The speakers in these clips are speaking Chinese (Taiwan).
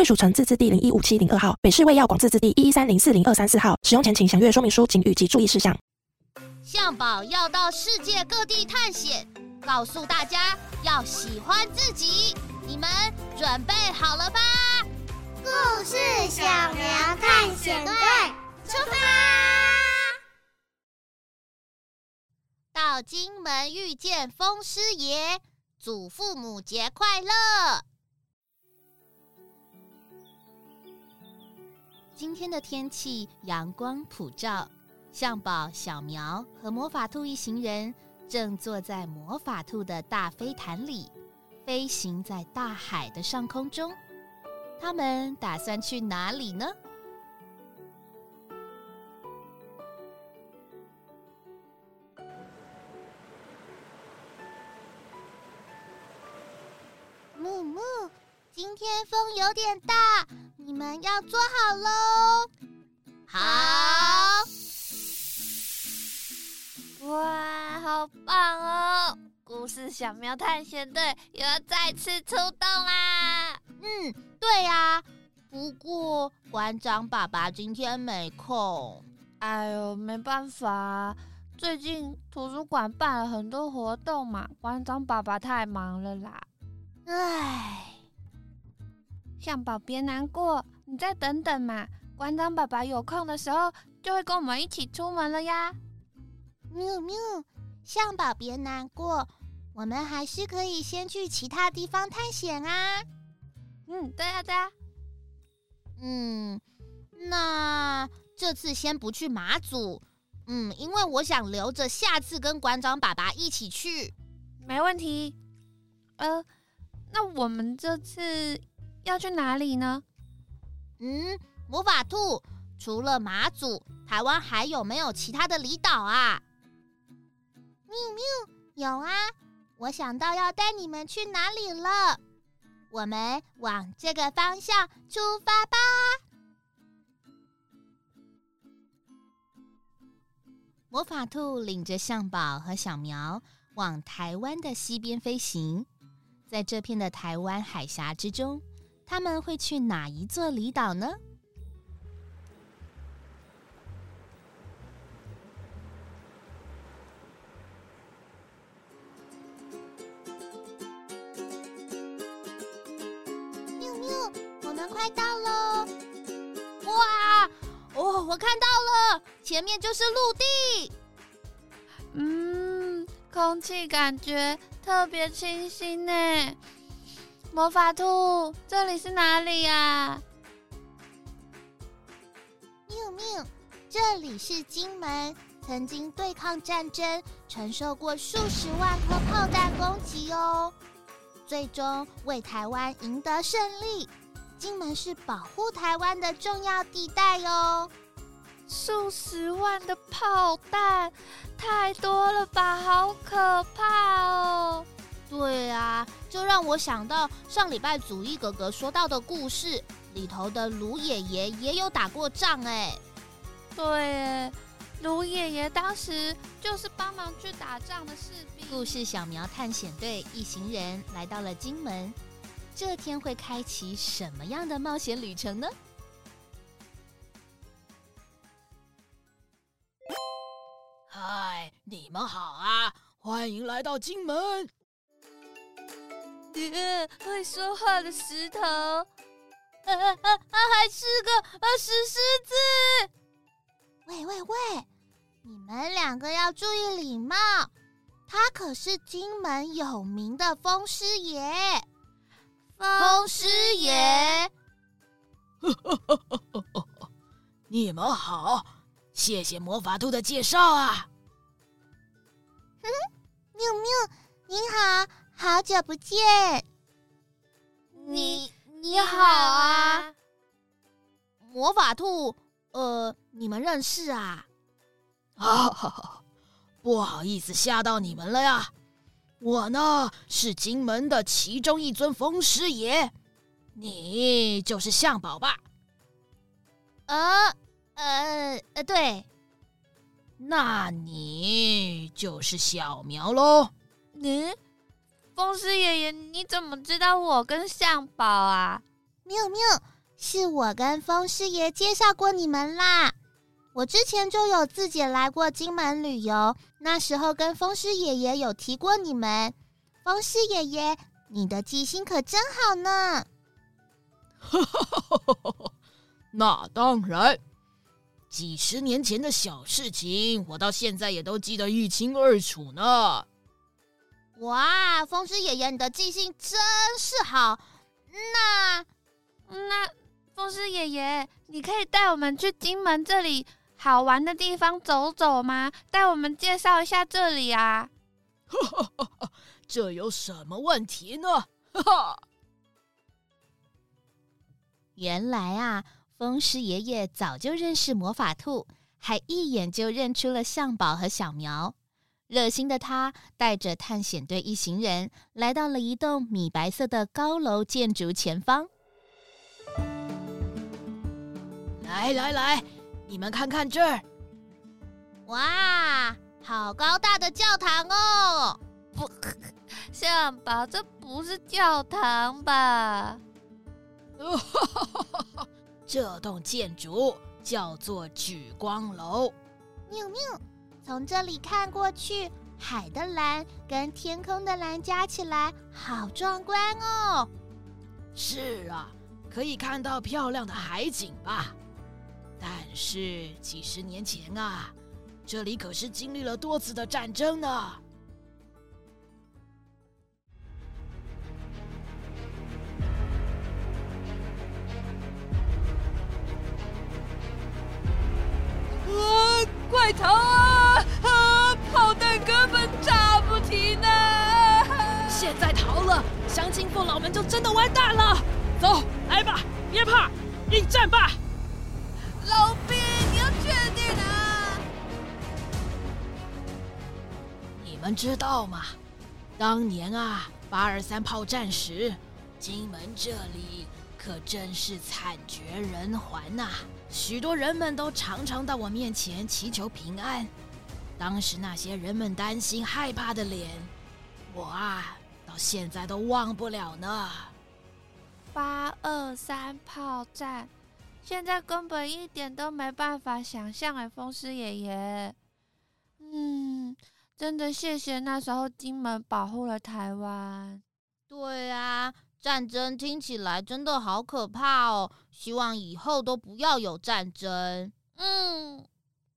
貴屬城自治地零一五七零二號，北市衛藥廣自治地一一三零四零二三四號。使用前請詳閱說明書警語及注意事項。象寶要到世界各地探險，告訴大家要喜歡自己。你們準備好了吧？故事小苗探險隊出發！到金門遇見風獅爺，祖父母節快樂！今天的天氣陽光普照，象寶、小苗和魔法兔一行人正坐在魔法兔的大飛毯裡，飛行在大海的上空中。他們打算去哪裡呢？木木，今天風有點大。我們要做好嘍！好，哇，好棒哦！故事小苗探險隊又要再次出動啦！嗯，對呀、啊。不過館長爸爸今天沒空。哎呦，沒辦法、啊，最近圖書館辦了很多活動嘛，館長爸爸太忙了啦。唉。象寶別難過，你再等等嘛。館長爸爸有空的時候，就會跟我們一起出門了呀。喵喵，象寶別難過，我們還是可以先去其他地方探險啊。嗯，對啊，對啊。嗯，那這次先不去馬祖。嗯，因為我想留着下次跟館長爸爸一起去。沒問題。呃，那我們這次。要去哪裡呢？嗯，魔法兔，除了馬祖，台灣還有沒有其他的離島啊？咪咪，有啊！我想到要帶你們去哪裡了，我們往這個方向出發吧。魔法兔領着象寶和小苗往台灣的西邊飛行，在這片的台灣海峽之中，他們會去哪一座離島呢？喵喵，我們快到了！哇，哦，我看到了，前面就是陸地。嗯，空氣感覺特別清新呢。魔法兔，這裡是哪裡呀、啊？命命，這裡是金門，曾經對抗戰爭，承受過數十萬顆炮彈攻擊哦，最終為台灣贏得勝利。金門是保護台灣的重要地帶哦。數十萬的炮彈，太多了吧，好可怕哦！對啊，這讓我想到上禮拜祖義哥哥說到的故事裡頭的盧爺爺也有打過仗哎。對，盧爺爺當時就是幫忙去打仗的士兵。故事小苗探險隊一行人來到了金門，這天會開啟什麼樣的冒險旅程呢？嗨，你們好啊，歡迎來到金門。爹會說話的石頭，啊啊啊！還是個啊石獅子！喂喂喂！你們兩個要注意禮貌，他可是金門有名的風獅爺，風獅爺。風獅爺 你們好，謝謝魔法兔的介紹啊。嗯，喵喵，您好。好久不見，你你好啊，魔法兔，呃，你們認識啊？啊，不好意思嚇到你們了呀。我呢是金門的其中一尊風獅爺，你就是象寶吧？呃呃、啊、呃，對。那你就是小苗嘍？嗯。風獅爺爺，你怎麼知道我跟象寶啊？沒有沒有，是我跟風獅爺介紹過你們啦。我之前就有自己來過金門旅遊，那時候跟風獅爺爺有提過你們。風獅爺爺，你的記性可真好呢！哈哈哈哈哈！那當然，幾十年前的小事情，我到現在也都記得一清二楚呢。哇，風獅爺爺，你的記性真是好！那那風獅爺爺，你可以帶我們去金門這裡好玩的地方走走嗎？帶我們介紹一下這裡啊！呵呵呵，這有什麼問題呢？呵呵。原來啊，風獅爺爺早就認識魔法兔，還一眼就認出了象寶和小苗。熱心的他帶着探險隊一行人來到了一棟米白色的高樓建築前方。來來來，你們看看這兒！哇，好高大的教堂哦！不 像吧？這不是教堂吧？ 這棟建築叫做莒光樓。寧寧。從這裡看過去，海的藍跟天空的藍加起來，好壯觀哦！是啊，可以看到漂亮的海景吧。但是幾十年前啊，這裡可是經歷了多次的戰爭呢。啊！呃怪頭啊經過老門，就真的完蛋了，走來吧，別怕，應戰吧，老兵，你要確定啊？你們知道嗎？當年啊，八二三炮戰時，金門這裡可真是慘絕人寰呐、啊！許多人們都常常到我面前祈求平安。當時那些人們擔心害怕的臉，我啊。到現在都忘不了呢。八二三炮戰，現在根本一點都沒辦法想象哎，風獅爺爺。嗯，真的謝謝那時候金門保護了台灣。對啊，戰爭聽起來真的好可怕哦，希望以後都不要有戰爭。嗯，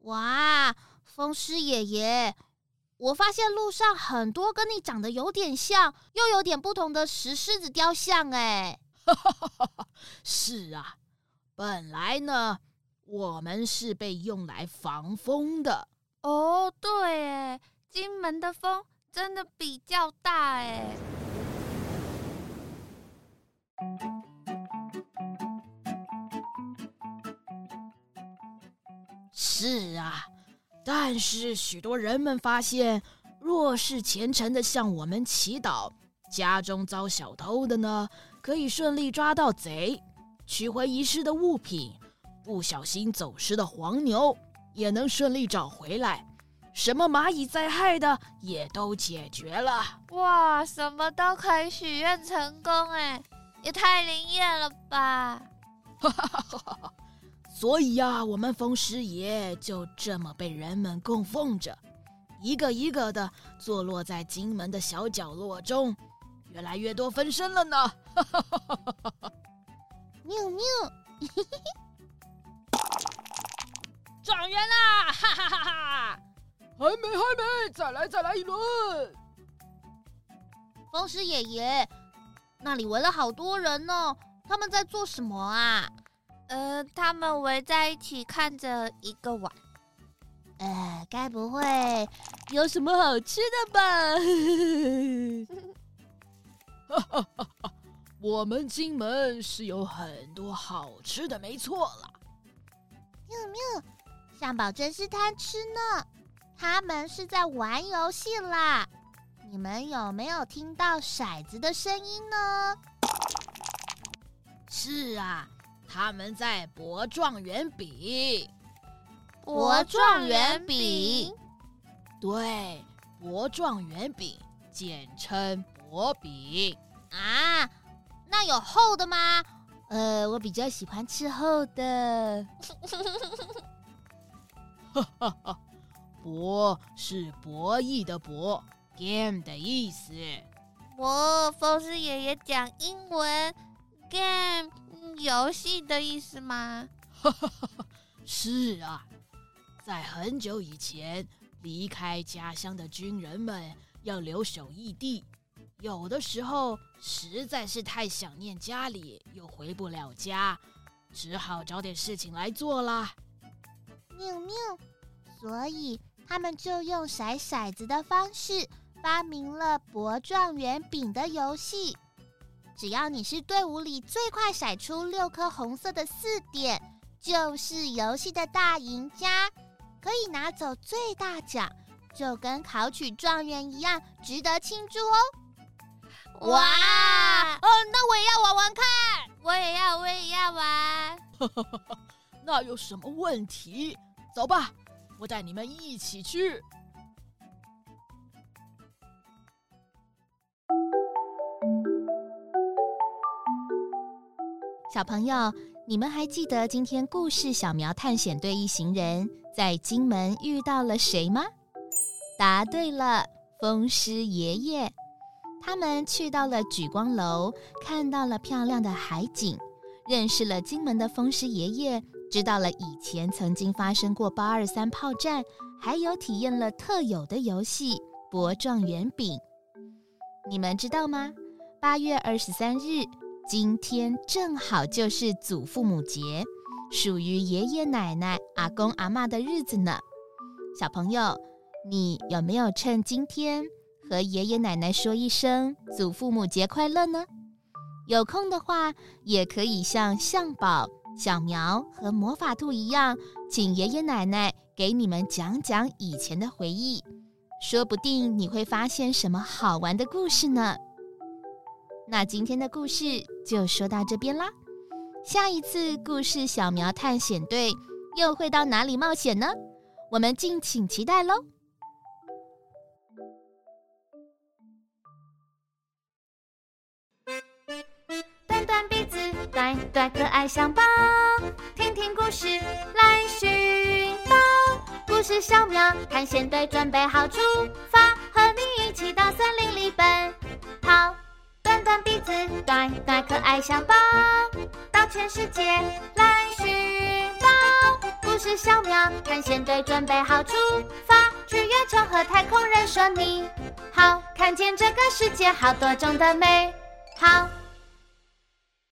哇，風獅爺爺。我發現路上很多跟你長得有點像，又有點不同的石獅子雕像。哎， 是啊，本來呢，我們是被用來防風的。哦，oh, 對，哎，金門的風真的比較大，哎，是啊。但是許多人們發現，若是虔誠的向我們祈禱，家中遭小偷的呢，可以順利抓到賊，取回遺失的物品；不小心走失的黃牛也能順利找回來，什麼螞蟻災害的也都解決了。哇，什麼都可以許願成功哎，也太靈驗了吧！ 所以呀、啊，我們風獅爺就這麼被人們供奉着，一個一個的坐落在金門的小角落中，越來越多分身了呢。哈哈哈哈哈哈哈哈哈哈！ 狀元啊、 還沒，還沒，再來，再來一輪。風獅爺爺，那裡圍了好多人呢、哦，他們在做什麼啊？呃，他們圍在一起看着一個碗，呃，該不會有什麼好吃的吧？我們金門是有很多好吃的，沒錯了。喵喵，象寶真是貪吃呢。他們是在玩遊戲啦，你們有沒有聽到骰子的聲音呢？是啊。他們在博狀元餅，博狀元餅，元餅？對，博狀元餅，簡稱博餅啊。那有厚的嗎？呃，我比較喜歡吃厚的。哈哈哈，博是博弈的博，game 的意思。哦，風獅爺爺講英文，game。遊戲的意思嗎？ 是啊，在很久以前，離開家鄉的軍人們要留守異地，有的時候實在是太想念家裡，又回不了家，只好找點事情來做啦。寧寧，所以他們就用甩骰、骰子的方式發明了博狀元餅的遊戲。只要你是隊伍裡最快甩出六顆紅色的四點，就是遊戲的大贏家，可以拿走最大獎，就跟考取狀元一樣，值得慶祝哦！哇，哇哦，那我也要玩玩看，我也要，我也要玩。 那有什麼問題？走吧，我帶你們一起去。小朋友，你們還記得今天故事小苗探險隊一行人在金門遇到了誰嗎？答對了，風獅爺爺。他們去到了莒光樓，看到了漂亮的海景，認識了金門的風獅爺爺，知道了以前曾經發生過八二三炮戰，還有體驗了特有的遊戲博狀元餅。你們知道嗎？八月二十三日。今天正好就是祖父母節，屬於爺爺奶奶、阿公阿嬤的日子呢。小朋友，你有沒有趁今天和爺爺奶奶說一聲“祖父母節快樂”呢？有空的話，也可以像象寶、小苗和魔法兔一樣，請爺爺奶奶給你們講講以前的回憶，說不定你會發現什麼好玩的故事呢。那今天的故事就說到這邊啦，下一次故事小苗探險隊又會到哪裡冒險呢？我們敬請期待嘍！短短鼻子，短短可愛象寶，聽聽故事來尋寶。故事小苗探險隊準備好出發，和你一起到森林裡奔跑。鼻子短短，帶帶可愛象寶，到全世界來尋寶。故事小苗，探險隊準備好出發，去月球和太空人說你好，看見這個世界好多種的美好。